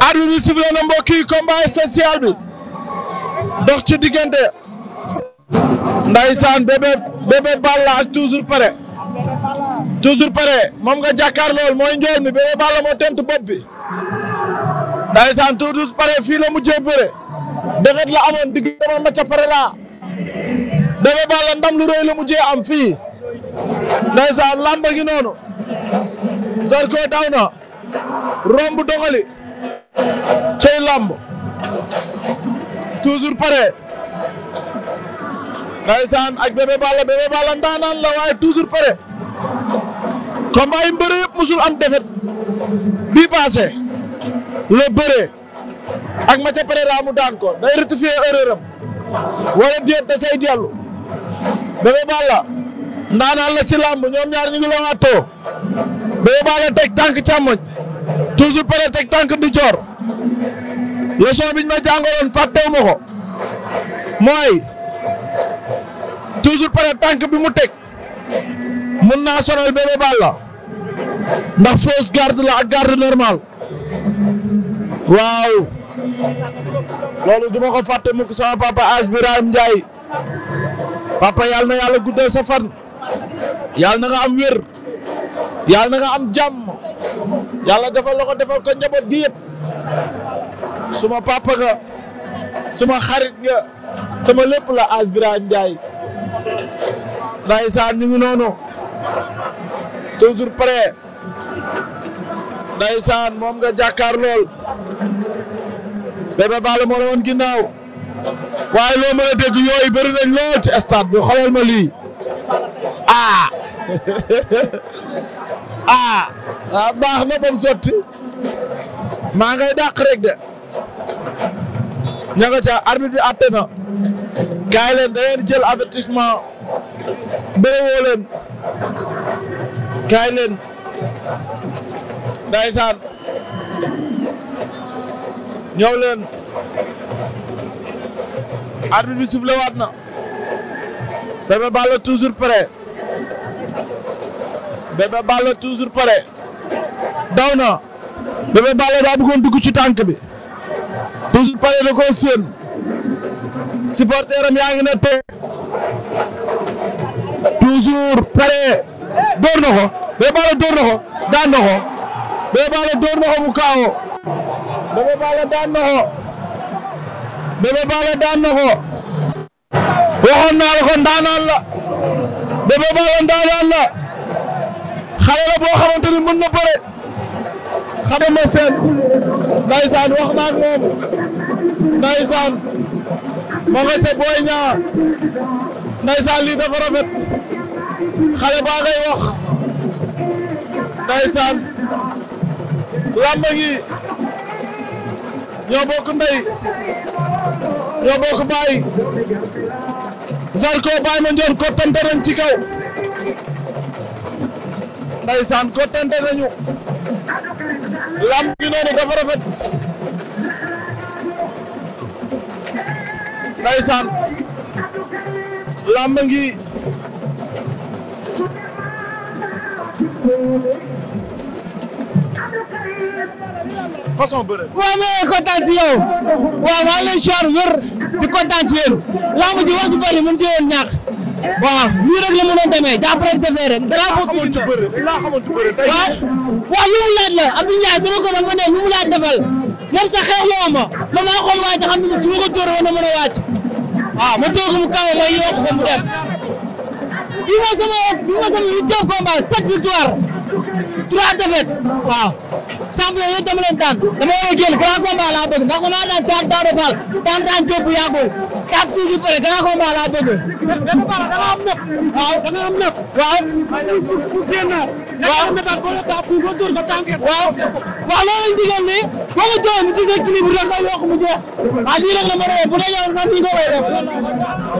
arbitre bi sifflé na combat spécial bi dox ci diggante ndaysaan bébé bébé Balla ak toujours pare toujours pare moom nga jàkkaar lool mooy njool mi Bébé Balla moo tent bopp bi ndaysaan toujours pare fii la mujjee bëre defet la amoon digg dama macca pare laa Bébé Balla ndam lu rëy la mujjee am fii ndaysaan lamba gi noonu Zarko daw na romb doxali cey lamb toujours pare ndaysaan ak Bébé Balla Bébé Balla ndaanaan la waaye toujours pare combat yi mbëre yëpp musul am defet bii passé la bëree ak ma ca Pereira mu daan ko day rectifier erreur am wala déet da cay dellu Bébé Balla ndaanaan la ci làmb ñoom ñaar ñu ngi la waatoo Bébé Balla teg tànk càmmoñ toujours pare teg tànk di joor leçon biñ ma jàngaloon fàttewu ma ko mooy toujours pare tànk bi mu teg mën naa sonal Bébé Balla ndax fausse garde la ak garde waaw loolu du ma ko mukk sama papa As Birahim Ndiaye papa yàlla na yàlla guddal sa fan na nga am wér yàlla na nga am jàmm yàlla defal la ko defal ko suma papa nga suma xarit nga sama lépp la As Birahim Ndiaye ndaysaan ñu ngi noonu toujours prêt ndeysaan moom nga jàkkaar lool Bébé Balla moo la woon ginnaaw waaye loo mën a dégg yooyu bëri lool ci stade bi xoolal ma lii ah! ah ah baax na ba mu sotti maa ngay dàq rek de ña nga ca arbitre bi àtte na kaay leen da ngeen jël avertissement bëre kaay leen ndeysaan ñëw leen arbitre bi sifflé waat na Bébé Balla toujours prêt Bébé Balla toujours pare daw na Bébé Balla daa bëggoon dugg ci tànk bi toujours prêt da koo yaa ngi ne tey paree door na ko Bébé Balla door na ko daan na ko Bébé door na ko mu kaawo daan na ko Bébé daan na ko waxoon ko ndaanaan la Bébé Balla ndaanaan la xale la boo xamante mën na bëre xale ma seen wax naa ak moom ndaysaan ma nga booy ñaa ndaysaan lii dafa rafet xale baa ngay wax ndeysaan làmb gi ñoo bokk ndey ñoo bokk baay Zarko baay ma njoon kottante nañ ci kaw ndeysaan kottante nañu làmb gi noonu dafa rafet ndeysaan làmb gi façon bëre. waaw ñoo kontaan si yow waaw maa ngi di kontaan si yéen lamb ji mu ngi ci yoon ñaax waaw nii rek la mënoon demee jàpp lu mu laaj la Abdou Ndiaye sama ko man ne lu mu laaj defal moom sax xeex la ma man xool waaj xam ne su ma ko tóor woon na mën a wàcc waaw ma toog mu kaw ma yokk ko mu def bii ma sama bii ma sama huitième combat sept trois défaites waaw champion yooyu dama leen daan dama war a génn grand combat laa bëgg ndax dama daan caat daaw de faal daan daan jóg bu yàggul quatre jours yu bëre waaw waaw. waaw waaw waaw loolu lañ digal nii boo ko joxee mu ci sa équilibre rek nga yokk mu jeex